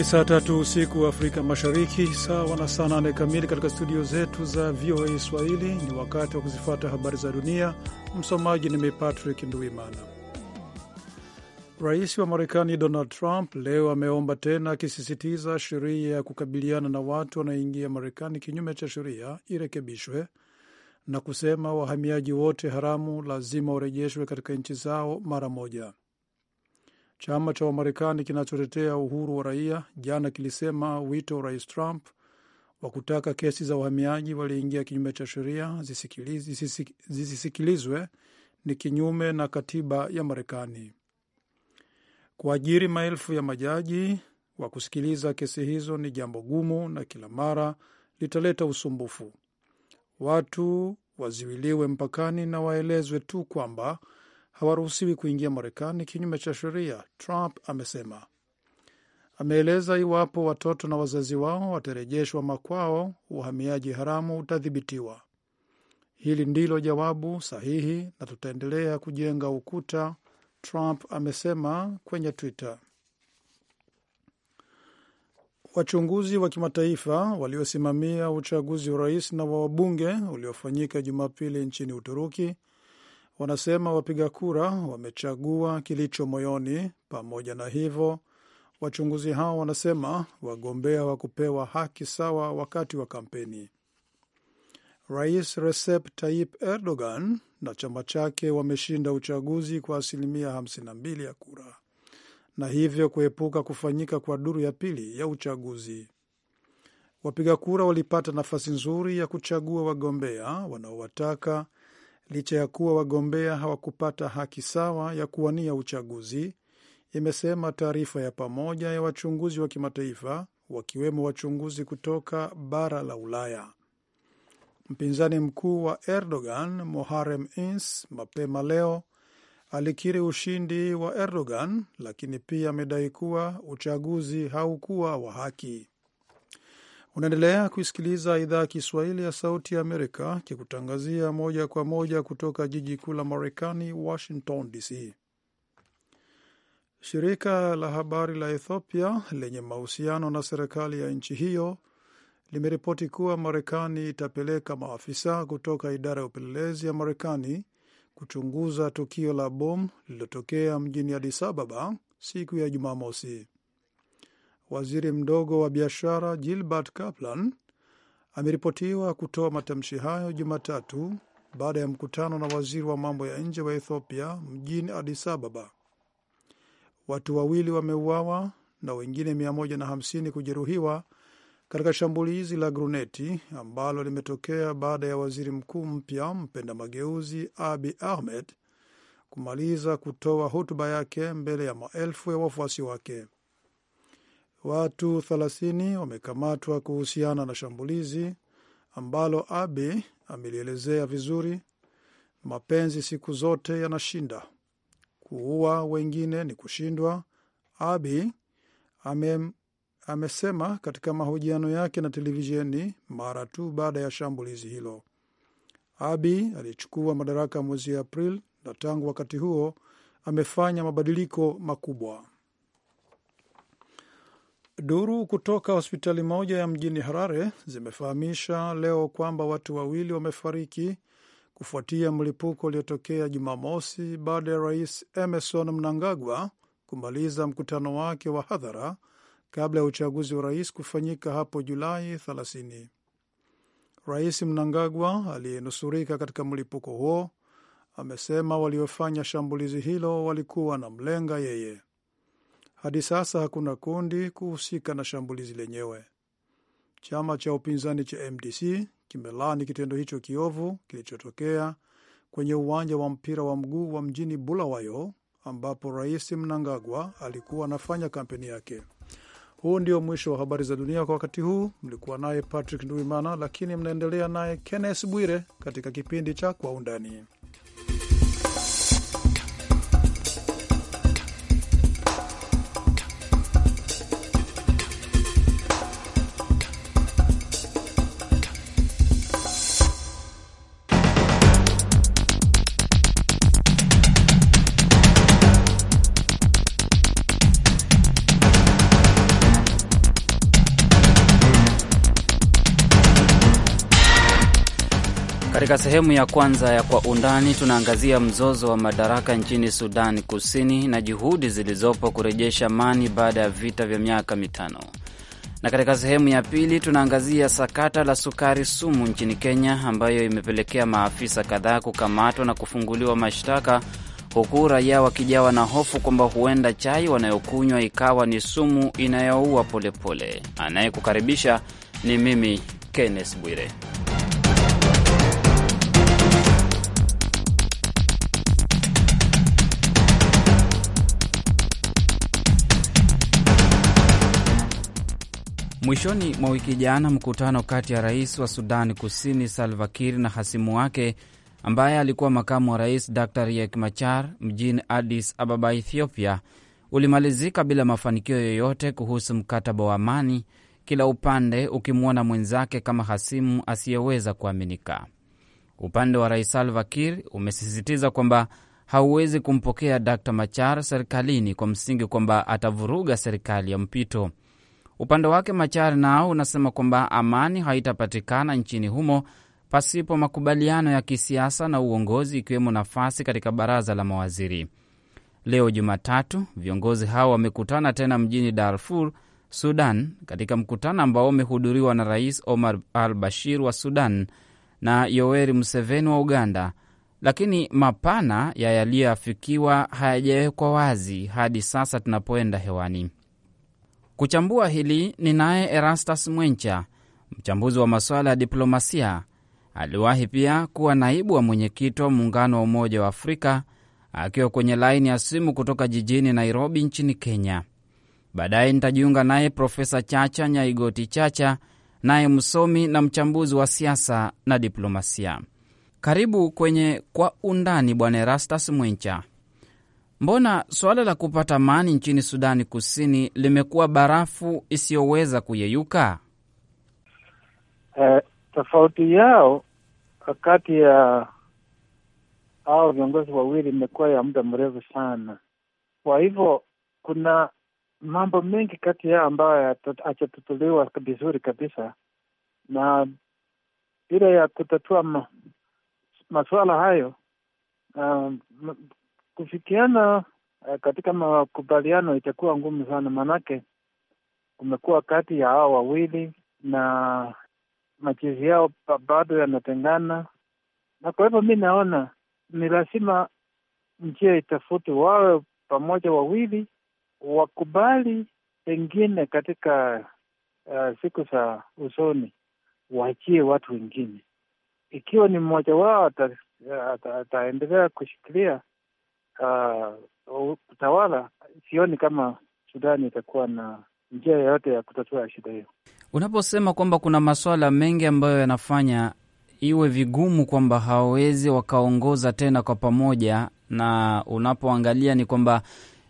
Ni saa tatu usiku wa Afrika Mashariki, sawa na saa nane kamili katika studio zetu za VOA Swahili. Ni wakati wa kuzifuata habari za dunia. Msomaji ni mimi Patrick Nduimana. Rais wa Marekani Donald Trump leo ameomba tena, akisisitiza sheria ya kukabiliana na watu wanaoingia Marekani kinyume cha sheria irekebishwe na kusema wahamiaji wote haramu lazima warejeshwe katika nchi zao mara moja. Chama cha Wamarekani kinachotetea uhuru wa raia jana kilisema wito wa Rais Trump wa kutaka kesi za wahamiaji walioingia kinyume cha sheria zisisikilizwe ni kinyume na katiba ya Marekani. Kuajiri maelfu ya majaji wa kusikiliza kesi hizo ni jambo gumu na kila mara litaleta usumbufu. Watu waziwiliwe mpakani na waelezwe tu kwamba hawaruhusiwi kuingia Marekani kinyume cha sheria, Trump amesema. Ameeleza iwapo watoto na wazazi wao watarejeshwa makwao, uhamiaji haramu utadhibitiwa. Hili ndilo jawabu sahihi na tutaendelea kujenga ukuta, Trump amesema kwenye Twitter. Wachunguzi wa kimataifa waliosimamia uchaguzi wa rais na wa wabunge uliofanyika Jumapili nchini Uturuki Wanasema wapiga kura wamechagua kilicho moyoni. Pamoja na hivyo, wachunguzi hao wanasema wagombea kupewa haki sawa wakati wa kampeni. Rais Recep Tayyip Erdogan na chama chake wameshinda uchaguzi kwa asilimia 52 ya kura na hivyo kuepuka kufanyika kwa duru ya pili ya uchaguzi. Wapiga kura walipata nafasi nzuri ya kuchagua wagombea wanaowataka licha ya kuwa wagombea hawakupata haki sawa ya kuwania uchaguzi, imesema taarifa ya pamoja ya wachunguzi wa kimataifa wakiwemo wachunguzi kutoka bara la Ulaya. Mpinzani mkuu wa Erdogan Muharrem Ince mapema leo alikiri ushindi wa Erdogan, lakini pia amedai kuwa uchaguzi haukuwa wa haki. Unaendelea kuisikiliza idhaa ya Kiswahili ya Sauti ya Amerika kikutangazia moja kwa moja kutoka jiji kuu la Marekani, Washington DC. Shirika la habari la Ethiopia lenye mahusiano na serikali ya nchi hiyo limeripoti kuwa Marekani itapeleka maafisa kutoka idara ya upelelezi ya Marekani kuchunguza tukio la bomu lililotokea mjini Adis Ababa siku ya Jumamosi waziri mdogo wa biashara Gilbert Kaplan ameripotiwa kutoa matamshi hayo Jumatatu baada ya mkutano na waziri wa mambo ya nje wa Ethiopia mjini Addis Ababa. Watu wawili wameuawa na wengine 150 kujeruhiwa katika shambulizi la gruneti ambalo limetokea baada ya waziri mkuu mpya mpenda mageuzi Abi Ahmed kumaliza kutoa hotuba yake mbele ya maelfu ya wafuasi wake. Watu 30 wamekamatwa kuhusiana na shambulizi ambalo Abe amelielezea vizuri. Mapenzi siku zote yanashinda, kuua wengine ni kushindwa, Abe ame, amesema katika mahojiano yake na televisheni mara tu baada ya shambulizi hilo. abi alichukua madaraka mwezi Aprili na tangu wakati huo amefanya mabadiliko makubwa. Duru kutoka hospitali moja ya mjini Harare zimefahamisha leo kwamba watu wawili wamefariki kufuatia mlipuko uliotokea Jumamosi baada ya rais Emerson Mnangagwa kumaliza mkutano wake wa hadhara kabla ya uchaguzi wa rais kufanyika hapo Julai 30. Rais Mnangagwa aliyenusurika katika mlipuko huo amesema waliofanya shambulizi hilo walikuwa na mlenga yeye. Hadi sasa hakuna kundi kuhusika na shambulizi lenyewe. Chama cha upinzani cha MDC kimelaani kitendo hicho kiovu kilichotokea kwenye uwanja wa mpira wa mguu wa mjini Bulawayo ambapo Rais Mnangagwa alikuwa anafanya kampeni yake. Huu ndio mwisho wa habari za dunia kwa wakati huu. Mlikuwa naye Patrick Nduimana, lakini mnaendelea naye Kenneth Bwire katika kipindi cha Kwa Undani. Katika sehemu ya kwanza ya Kwa Undani, tunaangazia mzozo wa madaraka nchini Sudan Kusini na juhudi zilizopo kurejesha amani baada ya vita vya miaka mitano, na katika sehemu ya pili tunaangazia sakata la sukari sumu nchini Kenya, ambayo imepelekea maafisa kadhaa kukamatwa na kufunguliwa mashtaka, huku raia wakijawa na hofu kwamba huenda chai wanayokunywa ikawa ni sumu inayoua polepole. Anayekukaribisha ni mimi Kenneth Bwire. Mwishoni mwa wiki jana, mkutano kati ya rais wa Sudani Kusini Salva Kiir na hasimu wake ambaye alikuwa makamu wa rais Dr Riek Machar mjini Addis Ababa, Ethiopia, ulimalizika bila mafanikio yoyote kuhusu mkataba wa amani, kila upande ukimwona mwenzake kama hasimu asiyeweza kuaminika. Upande wa rais Salva Kiir umesisitiza kwamba hauwezi kumpokea Dr Machar serikalini kwa msingi kwamba atavuruga serikali ya mpito. Upande wake, Machar nao unasema kwamba amani haitapatikana nchini humo pasipo makubaliano ya kisiasa na uongozi, ikiwemo nafasi katika baraza la mawaziri. Leo Jumatatu, viongozi hao wamekutana tena mjini Darfur, Sudan, katika mkutano ambao umehudhuriwa na Rais Omar al Bashir wa Sudan na Yoweri Museveni wa Uganda, lakini mapana ya yaliyoafikiwa hayajawekwa wazi hadi sasa tunapoenda hewani. Kuchambua hili ni naye Erastus Mwencha, mchambuzi wa masuala ya diplomasia. Aliwahi pia kuwa naibu wa mwenyekiti wa muungano wa Umoja wa Afrika, akiwa kwenye laini ya simu kutoka jijini Nairobi nchini Kenya. Baadaye nitajiunga naye Profesa Chacha Nyaigoti Chacha, naye msomi na mchambuzi wa siasa na diplomasia. Karibu kwenye Kwa Undani, Bwana Erastus Mwencha. Mbona suala la kupata amani nchini Sudani Kusini limekuwa barafu isiyoweza kuyeyuka? Eh, tofauti yao kati ya au viongozi wawili imekuwa ya muda mrefu sana. Kwa hivyo kuna mambo mengi kati yao ambayo hajatatuliwa vizuri kabisa, na bila ya kutatua ma, masuala hayo um, kufikiana eh, katika makubaliano itakuwa ngumu sana, maanake kumekuwa kati ya hao wawili na machezi yao bado yanatengana, na kwa hivyo mi naona ni lazima njia itafute, wawe pamoja wawili, wakubali pengine katika uh, siku za usoni waachie watu wengine. Ikiwa ni mmoja wao eh, ataendelea ata, ata kushikilia uh, utawala, sioni kama Sudani itakuwa na njia yoyote ya kutatua shida hiyo. Unaposema kwamba kuna masuala mengi ambayo yanafanya iwe vigumu kwamba hawawezi wakaongoza tena kwa pamoja, na unapoangalia ni kwamba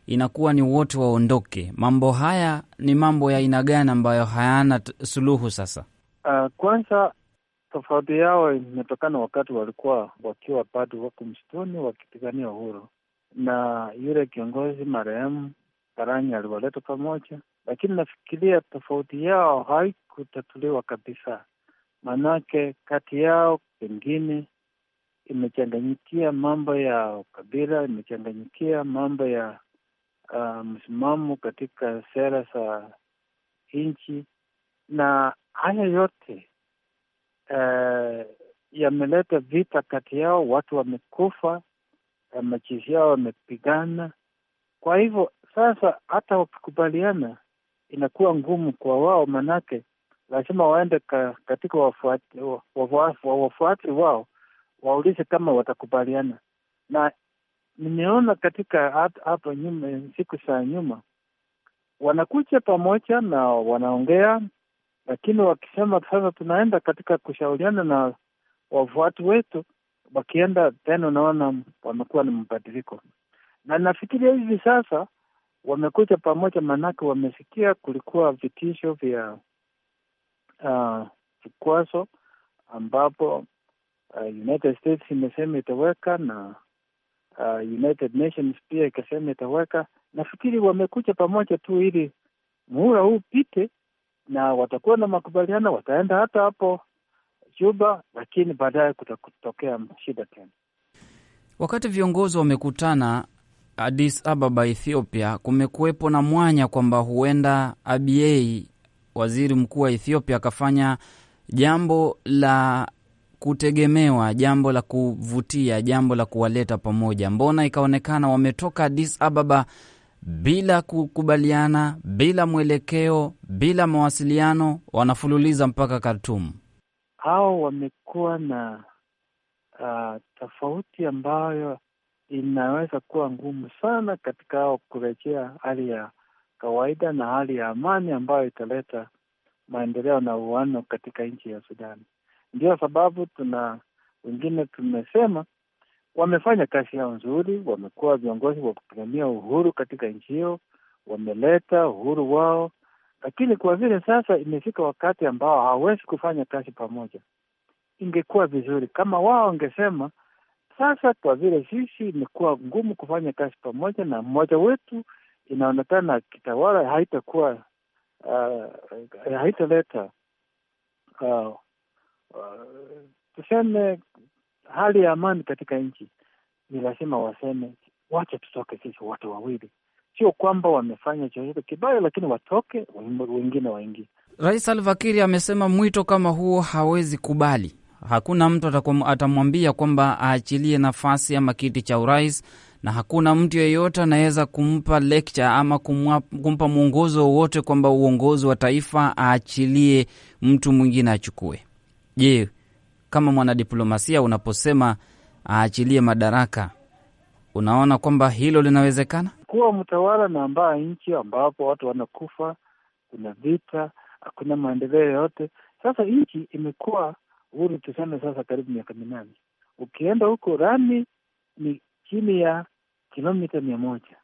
inakuwa ni wote waondoke. Mambo haya ni mambo ya aina gani ambayo hayana suluhu sasa? Uh, kwanza tofauti yao imetokana wakati walikuwa wakiwa bado wako msituni wakipigania uhuru na yule kiongozi marehemu Karanya aliwaleta pamoja, lakini nafikiria tofauti yao haikutatuliwa kabisa, maanake kati yao pengine imechanganyikia mambo ya ukabila, imechanganyikia mambo ya uh, msimamo katika sera za nchi, na haya yote uh, yameleta vita kati yao, watu wamekufa Eh, majeshi yao wamepigana. Kwa hivyo sasa, hata wakikubaliana inakuwa ngumu kwa wao, manake lazima waende ka, katika wafuati, wafuati, wafuati wao waulize kama watakubaliana. Na nimeona katika hapo nyuma, siku za nyuma, wanakuja pamoja na wanaongea, lakini wakisema sasa tunaenda katika kushauriana na wafuati wetu wakienda tena, unaona wamekuwa na mabadiliko, na nafikiria hivi sasa wamekuja pamoja, maanake wamesikia kulikuwa vitisho vya ah, vikwazo uh, ambapo uh, United States imesema itaweka na uh, United Nations pia ikasema itaweka. Nafikiri wamekuja pamoja tu ili muhula huu upite, na watakuwa na makubaliano, wataenda hata hapo Cuba, lakini baadaye kutakutokea shida tena. Wakati viongozi wamekutana Addis Ababa, Ethiopia, kumekuwepo na mwanya kwamba huenda Abiy, waziri mkuu wa Ethiopia, akafanya jambo la kutegemewa, jambo la kuvutia, jambo la kuwaleta pamoja. Mbona ikaonekana wametoka Addis Ababa bila kukubaliana, bila mwelekeo, bila mawasiliano, wanafululiza mpaka Khartoum hao wamekuwa na uh, tofauti ambayo inaweza kuwa ngumu sana katika hao kurejea hali ya kawaida na hali ya amani ambayo italeta maendeleo na uano katika nchi ya Sudani. Ndio sababu tuna wengine tumesema wamefanya kazi yao nzuri, wamekuwa viongozi wa kupigania uhuru katika nchi hiyo, wameleta uhuru wao lakini kwa vile sasa imefika wakati ambao hawawezi kufanya kazi pamoja, ingekuwa vizuri kama wao wangesema sasa, kwa vile sisi imekuwa ngumu kufanya kazi pamoja na mmoja wetu inaonekana kitawala haitakuwa uh, haitaleta uh, uh, tuseme hali ya amani katika nchi, ni lazima waseme wacha tutoke sisi wote wawili sio kwamba wamefanya chochote kibaya, lakini watoke wengine waingie. Rais Salva Kiir amesema mwito kama huo hawezi kubali. Hakuna mtu atamwambia kwamba aachilie nafasi ama kiti cha urais, na hakuna mtu yeyote anaweza kumpa lecture ama kumwa, kumpa mwongozo wowote kwamba uongozi wa taifa aachilie mtu mwingine achukue. Je, kama mwanadiplomasia unaposema aachilie madaraka, unaona kwamba hilo linawezekana? kuwa mtawala na ambaye nchi ambapo watu wanakufa, kuna vita, hakuna maendeleo yoyote. Sasa nchi imekuwa huru tuseme sasa karibu miaka minane. Ukienda huko rani ni chini ya kilomita mia moja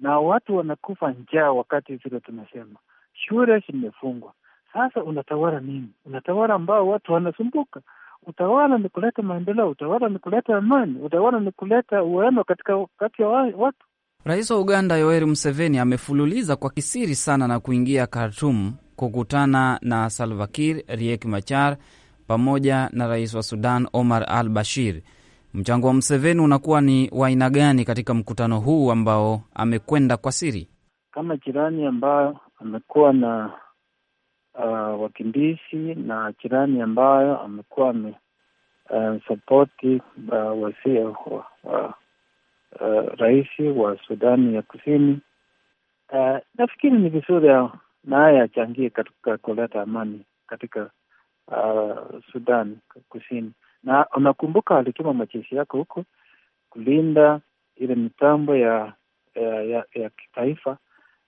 na watu wanakufa njaa wakati vile tunasema, shule zimefungwa. Sasa unatawala nini? Unatawala ambao watu wanasumbuka. Utawala ni kuleta maendeleo, utawala ni kuleta amani, utawala ni kuleta uwema katika kati ya watu. Rais wa Uganda Yoweri Museveni amefululiza kwa kisiri sana na kuingia Khartum kukutana na Salvakir Riek Machar pamoja na rais wa Sudan Omar al Bashir. Mchango wa Museveni unakuwa ni wa aina gani katika mkutano huu ambao amekwenda kwa siri kama jirani ambayo amekuwa na uh, wakimbizi na jirani ambayo amekuwa amesapoti uh, uh, uh, rais wa Sudani ya Kusini. Uh, nafikiri ni vizuri naye achangie katika kuleta amani katika uh, Sudan Kusini, na unakumbuka alituma majeshi yako huko kulinda ile mitambo ya ya, ya ya kitaifa,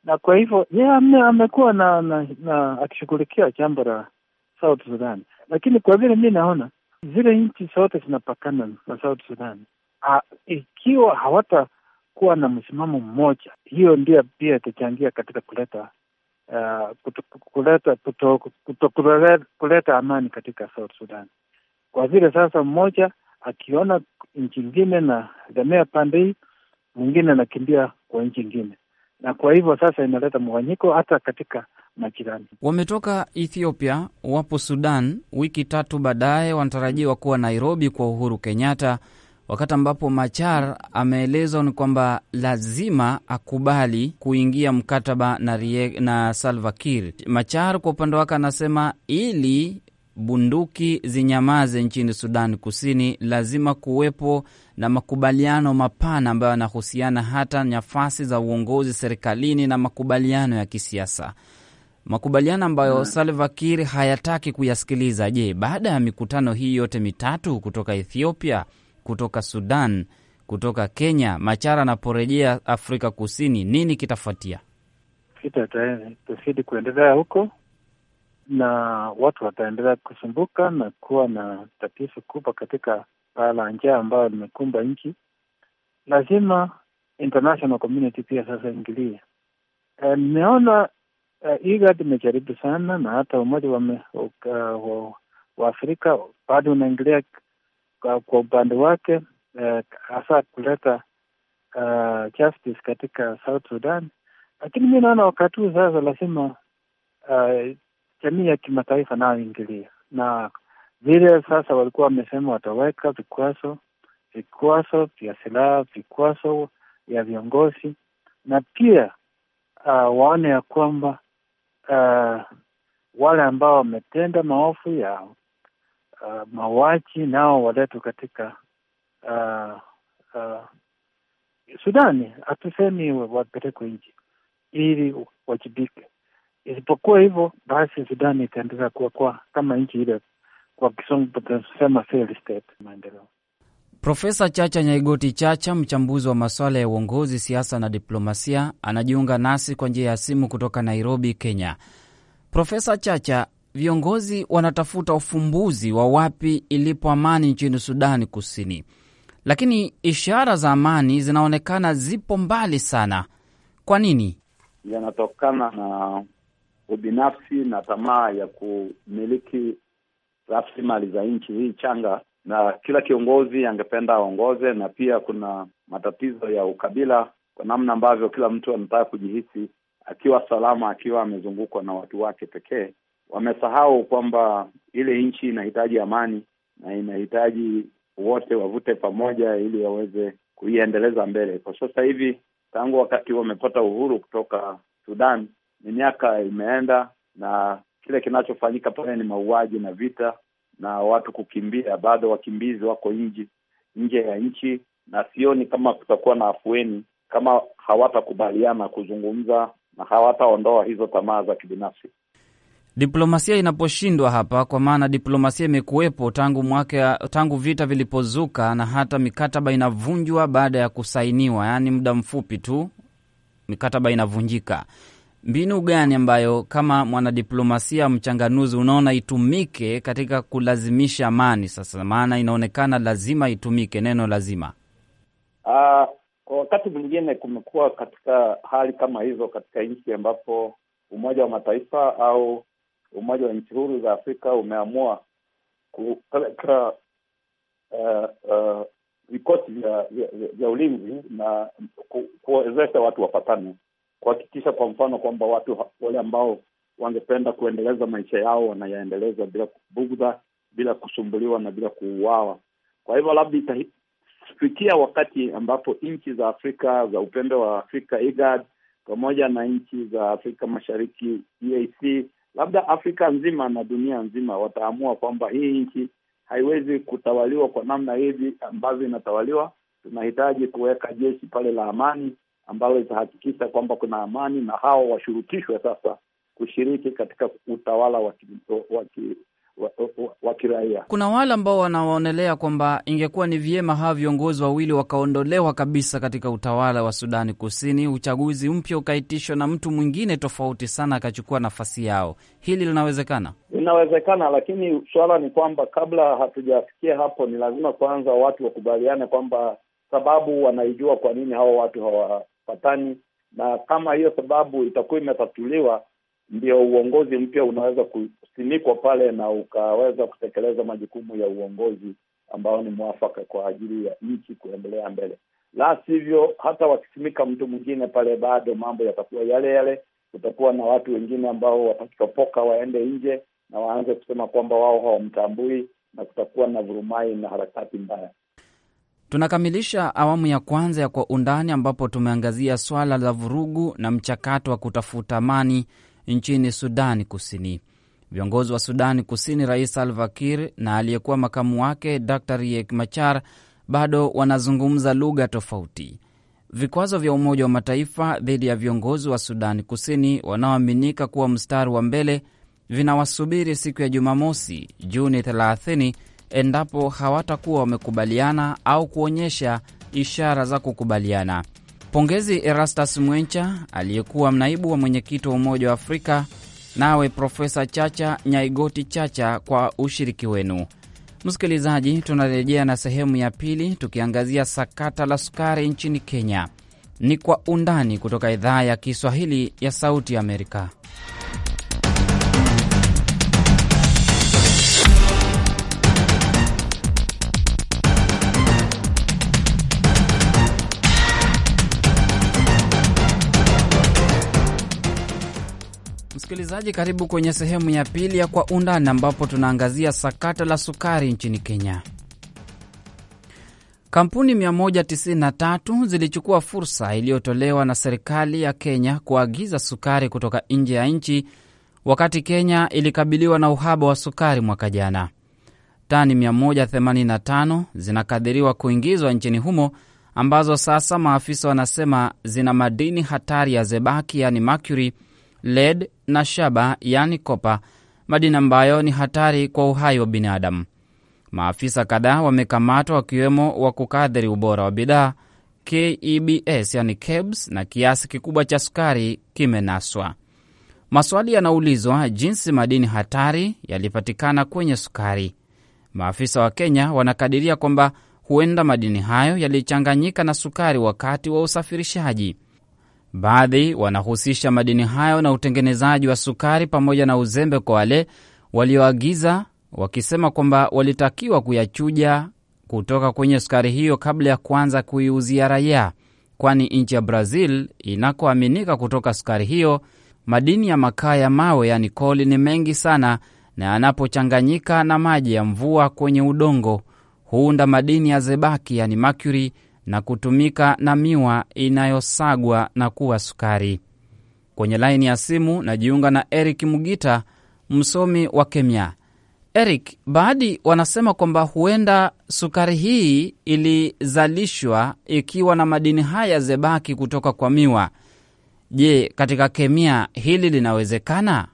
na kwa hivyo yeye amekuwa na, na, na akishughulikia jambo la South Sudan, lakini kwa vile mi naona zile nchi zote zinapakana na South Sudan Ah, ikiwa hawatakuwa na msimamo mmoja, hiyo ndio pia itachangia katika kuleta ah, kuleta kuto, kuleta, amani katika South Sudan, kwa vile sasa mmoja akiona nchi ingine na gamea pande hii, mwingine anakimbia kwa nchi ingine, na kwa hivyo sasa inaleta mwanyiko hata katika majirani. Wametoka Ethiopia, wapo Sudan, wiki tatu baadaye wanatarajiwa kuwa Nairobi kwa Uhuru Kenyatta wakati ambapo Machar ameelezwa ni kwamba lazima akubali kuingia mkataba na, Riek, na Salva Kiir. Machar kwa upande wake anasema ili bunduki zinyamaze nchini Sudan Kusini, lazima kuwepo na makubaliano mapana ambayo yanahusiana hata nafasi za uongozi serikalini na makubaliano ya kisiasa, makubaliano ambayo hmm, Salva Kiir hayataki kuyasikiliza. Je, baada ya mikutano hii yote mitatu kutoka Ethiopia kutoka Sudan, kutoka Kenya, Machara anaporejea Afrika Kusini, nini kitafuatia? Vita itazidi kuendelea huko na watu wataendelea kusumbuka na kuwa na tatizo kubwa katika baa la njaa ambayo limekumba nchi. Lazima international community pia sasa ingilie. Eh, nimeona e, IGAD imejaribu sana na hata umoja wa, uh, wa, wa Afrika bado unaingilia kwa, kwa upande wake eh, hasa eh, kuleta uh, justice katika South Sudan, lakini mi naona wakati huu sasa lazima uh, jamii ya kimataifa nayo ingilia na vile sasa walikuwa wamesema wataweka vikwazo vikwazo vya silaha vikwazo ya viongozi na pia uh, waone ya kwamba uh, wale ambao wametenda maofu ya uh, mauaji nao waletwe katika uh, uh, Sudani. Hatusemi wapelekwe nje ili wajibike. Isipokuwa hivyo basi, Sudani itaendelea kuwa kwa kama nchi ile kwa Kisungu tunasema failed state maendeleo. Profesa Chacha Nyaigoti Chacha, mchambuzi wa masuala ya uongozi, siasa na diplomasia, anajiunga nasi kwa njia ya simu kutoka Nairobi, Kenya. Profesa Chacha, viongozi wanatafuta ufumbuzi wa wapi ilipo amani nchini Sudani Kusini, lakini ishara za amani zinaonekana zipo mbali sana. Kwa nini? Yanatokana na ubinafsi na tamaa ya kumiliki rasilimali za nchi hii changa, na kila kiongozi angependa aongoze, na pia kuna matatizo ya ukabila kwa namna ambavyo kila mtu anataka kujihisi akiwa salama, akiwa amezungukwa na watu wake pekee wamesahau kwamba ile nchi inahitaji amani na inahitaji wote wavute pamoja ili waweze kuiendeleza mbele. Kwa sasa hivi, tangu wakati wamepata uhuru kutoka Sudan, ni miaka imeenda na kile kinachofanyika pale ni mauaji na vita na watu kukimbia. Bado wakimbizi wako nje nje ya nchi, na sioni kama kutakuwa na afueni kama hawatakubaliana kuzungumza na hawataondoa hizo tamaa za kibinafsi diplomasia inaposhindwa hapa, kwa maana diplomasia imekuwepo tangu mwaka, tangu vita vilipozuka, na hata mikataba inavunjwa baada ya kusainiwa, yaani muda mfupi tu mikataba inavunjika. Mbinu gani ambayo kama mwanadiplomasia mchanganuzi unaona itumike katika kulazimisha amani sasa? Maana inaonekana lazima itumike neno lazima. Uh, kwa wakati mwingine kumekuwa katika hali kama hizo katika nchi ambapo Umoja wa Mataifa au Umoja wa Nchi Huru za Afrika umeamua kupeleka uh, uh, vya ulinzi na kuwezesha watu wapatane, kuhakikisha kwa mfano kwamba watu wale ambao wangependa kuendeleza maisha yao wanayaendeleza bila kubugudha, bila kusumbuliwa na bila kuuawa. Kwa hivyo labda itafikia wakati ambapo nchi za Afrika za upembe wa Afrika IGAD pamoja na nchi za Afrika Mashariki EAC labda Afrika nzima na dunia nzima wataamua kwamba hii nchi haiwezi kutawaliwa kwa namna hivi ambavyo inatawaliwa. Tunahitaji kuweka jeshi pale la amani ambalo litahakikisha kwamba kuna amani, na hao washurutishwe sasa kushiriki katika utawala wa wa, wa, wa kiraia. Kuna wale ambao wanawaonelea kwamba ingekuwa ni vyema hawa viongozi wawili wakaondolewa kabisa katika utawala wa Sudani Kusini, uchaguzi mpya ukaitishwa na mtu mwingine tofauti sana akachukua nafasi yao. Hili linawezekana? Inawezekana, lakini suala ni kwamba kabla hatujafikia hapo, ni lazima kwanza watu wakubaliane kwamba sababu wanaijua kwa nini hawa watu hawapatani, na kama hiyo sababu itakuwa imetatuliwa ndio uongozi mpya unaweza kusimikwa pale na ukaweza kutekeleza majukumu ya uongozi ambao ni mwafaka kwa ajili ya nchi kuendelea mbele. La sivyo, hata wakisimika mtu mwingine pale, bado mambo yatakuwa yale yale. Kutakuwa na watu wengine ambao watachopoka waende nje na waanze kusema kwamba wao hawamtambui, na kutakuwa na vurumai na harakati mbaya. Tunakamilisha awamu ya kwanza ya Kwa Undani, ambapo tumeangazia swala la vurugu na mchakato wa kutafuta amani nchini Sudani Kusini. Viongozi wa Sudani Kusini, Rais Salva Kiir na aliyekuwa makamu wake Dr Riek Machar bado wanazungumza lugha tofauti. Vikwazo vya Umoja wa Mataifa dhidi ya viongozi wa Sudani Kusini wanaoaminika kuwa mstari wa mbele vinawasubiri siku ya Jumamosi, Juni 30 endapo hawatakuwa wamekubaliana au kuonyesha ishara za kukubaliana. Pongezi Erastus Mwencha aliyekuwa mnaibu wa mwenyekiti wa Umoja wa Afrika, nawe Profesa Chacha Nyaigoti Chacha kwa ushiriki wenu. Msikilizaji, tunarejea na sehemu ya pili tukiangazia sakata la sukari nchini Kenya. Ni kwa undani kutoka idhaa ya Kiswahili ya Sauti ya Amerika. Msikilizaji, karibu kwenye sehemu ya pili ya Kwa Undani, ambapo tunaangazia sakata la sukari nchini Kenya. Kampuni 193 zilichukua fursa iliyotolewa na serikali ya Kenya kuagiza sukari kutoka nje ya nchi wakati Kenya ilikabiliwa na uhaba wa sukari mwaka jana. Tani 185 zinakadiriwa kuingizwa nchini humo ambazo sasa maafisa wanasema zina madini hatari ya zebaki, yani mercury, led na shaba, yani kopa, madini ambayo ni hatari kwa uhai wa binadamu. Maafisa kadhaa wamekamatwa wakiwemo wa kukadhiri ubora wa bidhaa KEBS, yani KEBS, na kiasi kikubwa cha sukari kimenaswa. Maswali yanaulizwa jinsi madini hatari yalipatikana kwenye sukari. Maafisa wa Kenya wanakadiria kwamba huenda madini hayo yalichanganyika na sukari wakati wa usafirishaji. Baadhi wanahusisha madini hayo na utengenezaji wa sukari pamoja na uzembe kwa wale walioagiza, wakisema kwamba walitakiwa kuyachuja kutoka kwenye sukari hiyo kabla ya kuanza kuiuzia raia, kwani nchi ya Brazil inakoaminika kutoka sukari hiyo, madini ya makaa ya mawe yani koli ni mengi sana, na yanapochanganyika na maji ya mvua kwenye udongo huunda madini ya zebaki yani makuri, na kutumika na miwa inayosagwa na kuwa sukari. Kwenye laini ya simu najiunga na Eric Mugita, msomi wa kemia. Eric, baadhi wanasema kwamba huenda sukari hii ilizalishwa ikiwa na madini haya zebaki kutoka kwa miwa. Je, katika kemia hili linawezekana?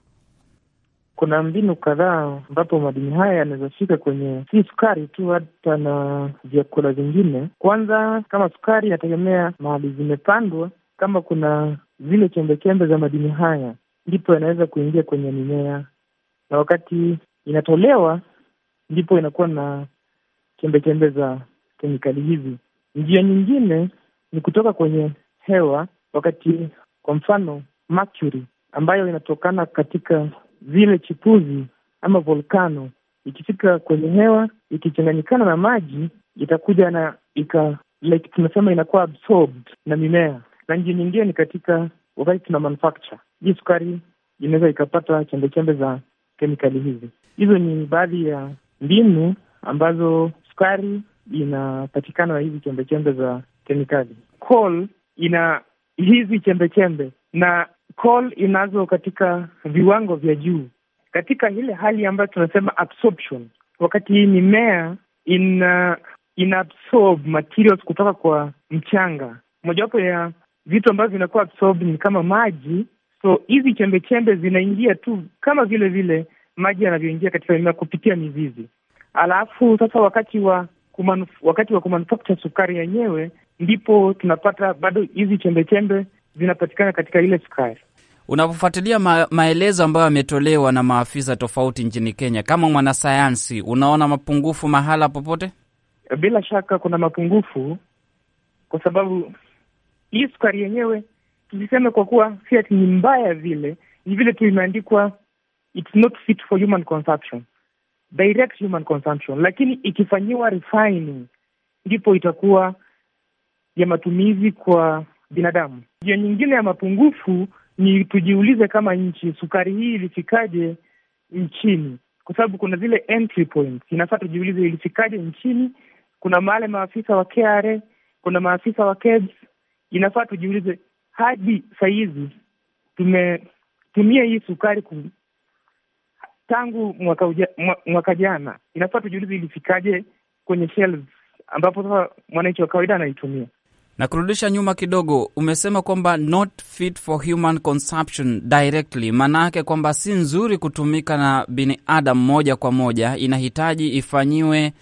Kuna mbinu kadhaa ambapo madini haya yanawezafika kwenye si sukari tu, hata na vyakula vingine. Kwanza, kama sukari, inategemea mahali zimepandwa. Kama kuna zile chembechembe za madini haya, ndipo yanaweza kuingia kwenye mimea, na wakati inatolewa, ndipo inakuwa na chembechembe za kemikali hizi. Njia nyingine ni kutoka kwenye hewa, wakati kwa mfano mercury ambayo inatokana katika zile chipuzi ama volkano ikifika kwenye hewa ikichanganyikana na maji itakuja na ika like tunasema inakuwa absorbed na mimea. Na njia nyingine ni katika wakati tuna manufacture hii sukari, inaweza ikapata chembechembe za kemikali hizi. Hizo ni baadhi ya mbinu ambazo sukari inapatikana na hizi chembechembe za kemikali. Coal ina hizi chembe chembe, na coal inazo katika viwango vya juu, katika ile hali ambayo tunasema absorption, wakati hii mimea ina inaabsorb materials kutoka kwa mchanga. Mojawapo ya vitu ambavyo vinakuwa absorb ni kama maji, so hizi chembe chembe zinaingia tu kama vile vile maji yanavyoingia katika mimea kupitia mizizi. Alafu sasa wakati wa kumanu, wakati wa kumanufacture sukari yenyewe ndipo tunapata bado hizi chembe chembe zinapatikana katika ile sukari. Unapofuatilia ma maelezo ambayo yametolewa na maafisa tofauti nchini Kenya, kama mwanasayansi, unaona mapungufu mahala popote? Eh, bila shaka kuna mapungufu, kwa sababu hii sukari yenyewe tusiseme kwa kuwa si ati ni mbaya vile, ni vile tu imeandikwa it's not fit for human consumption, direct human consumption, lakini ikifanyiwa refining ndipo itakuwa ya matumizi kwa binadamu. Njia nyingine ya mapungufu ni tujiulize kama nchi, sukari hii ilifikaje nchini? Kwa sababu kuna zile entry points, inafaa tujiulize ilifikaje nchini. Kuna wale maafisa wa KRA, kuna maafisa wa KEBS, inafaa tujiulize hadi sahizi tumetumia hii sukari ku, tangu mwaka, uja, mwaka jana, inafaa tujiulize ilifikaje kwenye shelves ambapo sasa mwananchi wa kawaida anaitumia na kurudisha nyuma kidogo, umesema kwamba not fit for human consumption directly, kwamba si nzuri kutumika na binadamu moja kwa moja, inahitaji ifanyiwe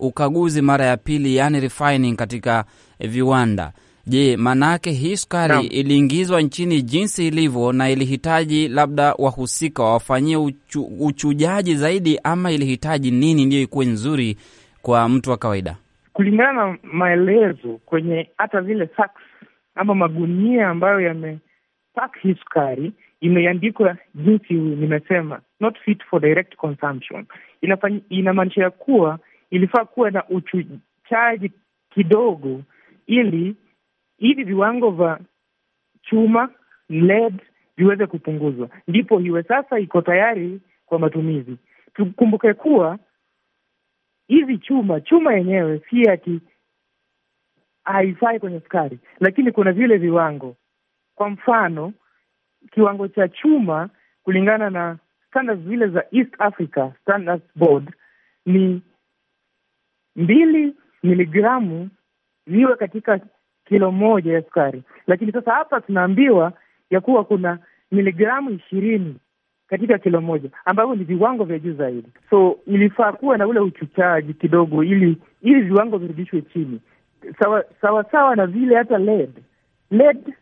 ukaguzi mara ya pili, yani refining katika viwanda. Je, maanayake hii sukari no. iliingizwa nchini jinsi ilivyo na ilihitaji labda wahusika wawafanyie uchu, uchujaji zaidi, ama ilihitaji nini ndiyo ikuwe nzuri kwa mtu wa kawaida? kulingana na maelezo kwenye hata zile sacks ama magunia ambayo yamepack hii sukari imeandikwa jinsi nimesema, not fit for direct consumption. Inamaanisha ya kuwa ilifaa kuwa na uchuchaji kidogo, ili hivi viwango vya chuma lead viweze kupunguzwa, ndipo iwe sasa iko tayari kwa matumizi. Tukumbuke kuwa hizi chuma chuma yenyewe si ati haifai kwenye sukari, lakini kuna vile viwango. Kwa mfano, kiwango cha chuma kulingana na standards zile za East Africa Standards Board ni mbili miligramu ziwe katika kilo moja ya sukari, lakini sasa hapa tunaambiwa ya kuwa kuna miligramu ishirini katika kilo moja ambavyo ni viwango vya juu zaidi. So ilifaa kuwa na ule uchuchaji kidogo, ili ili viwango virudishwe chini, sawasawa sawa sawa na vile hata lead lead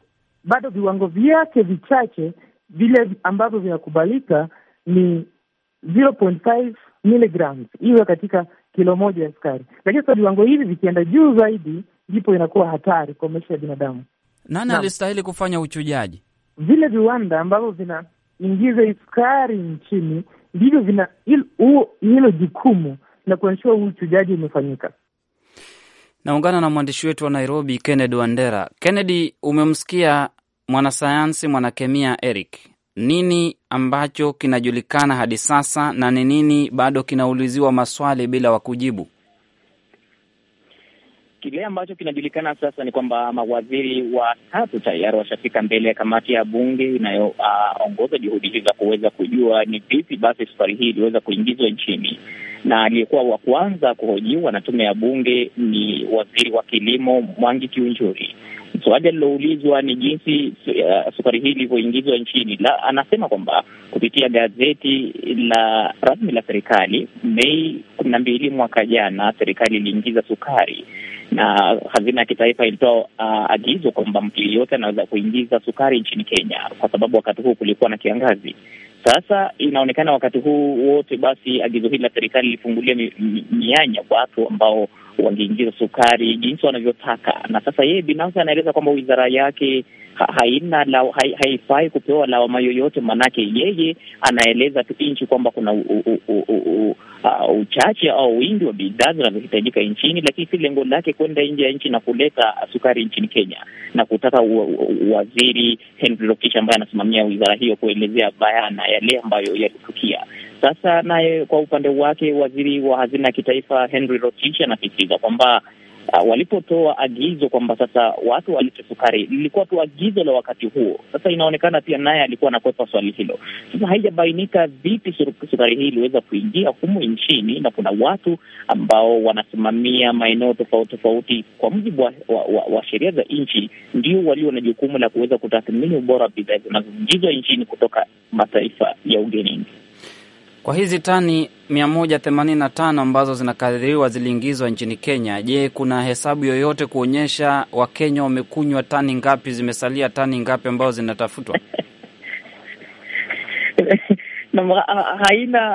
bado viwango vyake vichache vile ambavyo vinakubalika ni 0.5 milligrams iwe katika kilo moja ya sukari, lakini sasa viwango hivi vikienda juu zaidi, ndipo inakuwa hatari kwa maisha ya binadamu. Nani alistahili kufanya uchujaji? Vile viwanda ambavyo vina ingize sukari nchini, ndivyo vina hilo jukumu na kuanshia huu uchujaji umefanyika. Naungana na mwandishi wetu wa Nairobi, Kennedy Wandera. Kennedy, umemsikia mwanasayansi mwanakemia Eric. Nini ambacho kinajulikana hadi sasa na ni nini bado kinauliziwa maswali bila wakujibu kile ambacho kinajulikana sasa ni kwamba mawaziri watatu tayari washafika mbele ya kamati ya bunge inayoongoza uh, juhudi hizi za kuweza kujua ni vipi basi safari hii iliweza kuingizwa nchini. Na aliyekuwa wa kwanza kuhojiwa na tume ya bunge ni waziri wa kilimo Mwangi Kiunjuri. Swali aliloulizwa ni jinsi uh, sukari hii ilivyoingizwa nchini la, anasema kwamba kupitia gazeti la rasmi la serikali Mei kumi na mbili mwaka jana, serikali iliingiza sukari na hazina ya kitaifa ilitoa uh, agizo kwamba mtu yeyote anaweza kuingiza sukari nchini Kenya kwa sababu wakati huu kulikuwa na kiangazi. Sasa inaonekana wakati huu wote, basi agizo hili la serikali lilifungulia mianya kwa watu ambao wangeingiza sukari jinsi wanavyotaka. Na sasa yeye binafsi anaeleza kwamba wizara yake haina la haifai kupewa lawama yoyote, maanake yeye anaeleza tu nchi kwamba kuna uchache au wingi wa bidhaa zinazohitajika nchini, lakini si lengo lake kwenda nje ya nchi na kuleta sukari nchini Kenya na kutaka waziri Henry Lokish ambaye anasimamia wizara hiyo kuelezea bayana yale ambayo yalitukia. Sasa naye kwa upande wake, waziri wa hazina ya kitaifa Henry Rotich anasisitiza kwamba uh, walipotoa agizo kwamba sasa watu walete sukari, lilikuwa tu agizo la wakati huo. Sasa inaonekana pia naye alikuwa anakwepa swali hilo. Sasa haijabainika vipi sukari hii iliweza kuingia humu nchini, na kuna watu ambao wanasimamia maeneo tofauti tofauti kwa mujibu wa, wa, wa, wa sheria za nchi, ndio walio na jukumu la kuweza kutathmini ubora wa bidhaa zinazoingizwa nchini kutoka mataifa ya ugenini. Kwa hizi tani 185 ambazo zinakadiriwa ziliingizwa nchini Kenya, je, kuna hesabu yoyote kuonyesha Wakenya wamekunywa tani ngapi, zimesalia tani ngapi ambazo zinatafutwa? haina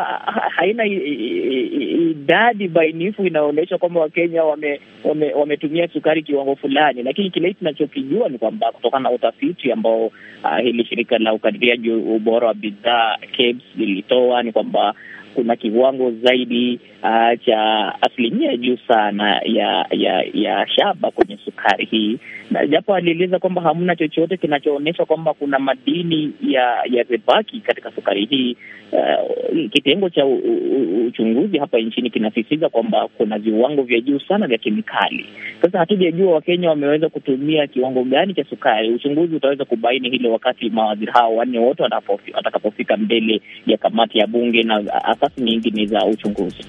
haina idadi bainifu inaonyesha kwamba Wakenya wametumia wame, wame sukari kiwango fulani, lakini kile tunachokijua ni kwamba kutokana na utafiti ambao uh, hili shirika la ukadiriaji ubora wa bidhaa KEBS lilitoa ni kwamba kuna kiwango zaidi uh, cha asilimia juu sana ya ya ya shaba kwenye sukari hii, na japo alieleza kwamba hamna chochote kinachoonyesha kwamba kuna madini ya ya zebaki katika sukari hii. Uh, kitengo cha uchunguzi hapa nchini kinasisitiza kwamba kuna viwango vya juu sana vya kemikali. Sasa hatujajua Wakenya wameweza kutumia kiwango gani cha sukari. Uchunguzi utaweza kubaini hilo wakati mawaziri hao wanne wote watakapofika mbele ya kamati ya bunge na asasi nyingine za uchunguzi.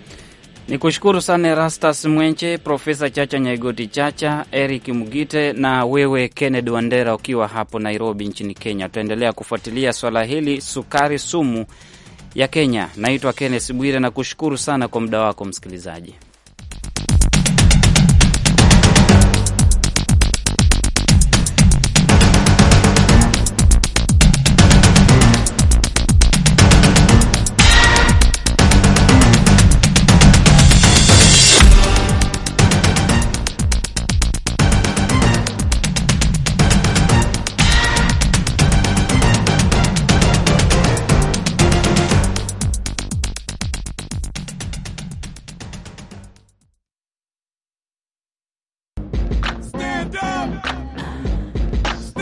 Ni kushukuru sana Erastus Mwenche, Profesa Chacha Nyaigoti Chacha, Eric Mugite na wewe Kennedy Wandera ukiwa hapo Nairobi nchini Kenya. Tutaendelea kufuatilia swala hili sukari sumu ya Kenya. Naitwa kennes Bwire na kushukuru sana kwa muda wako msikilizaji.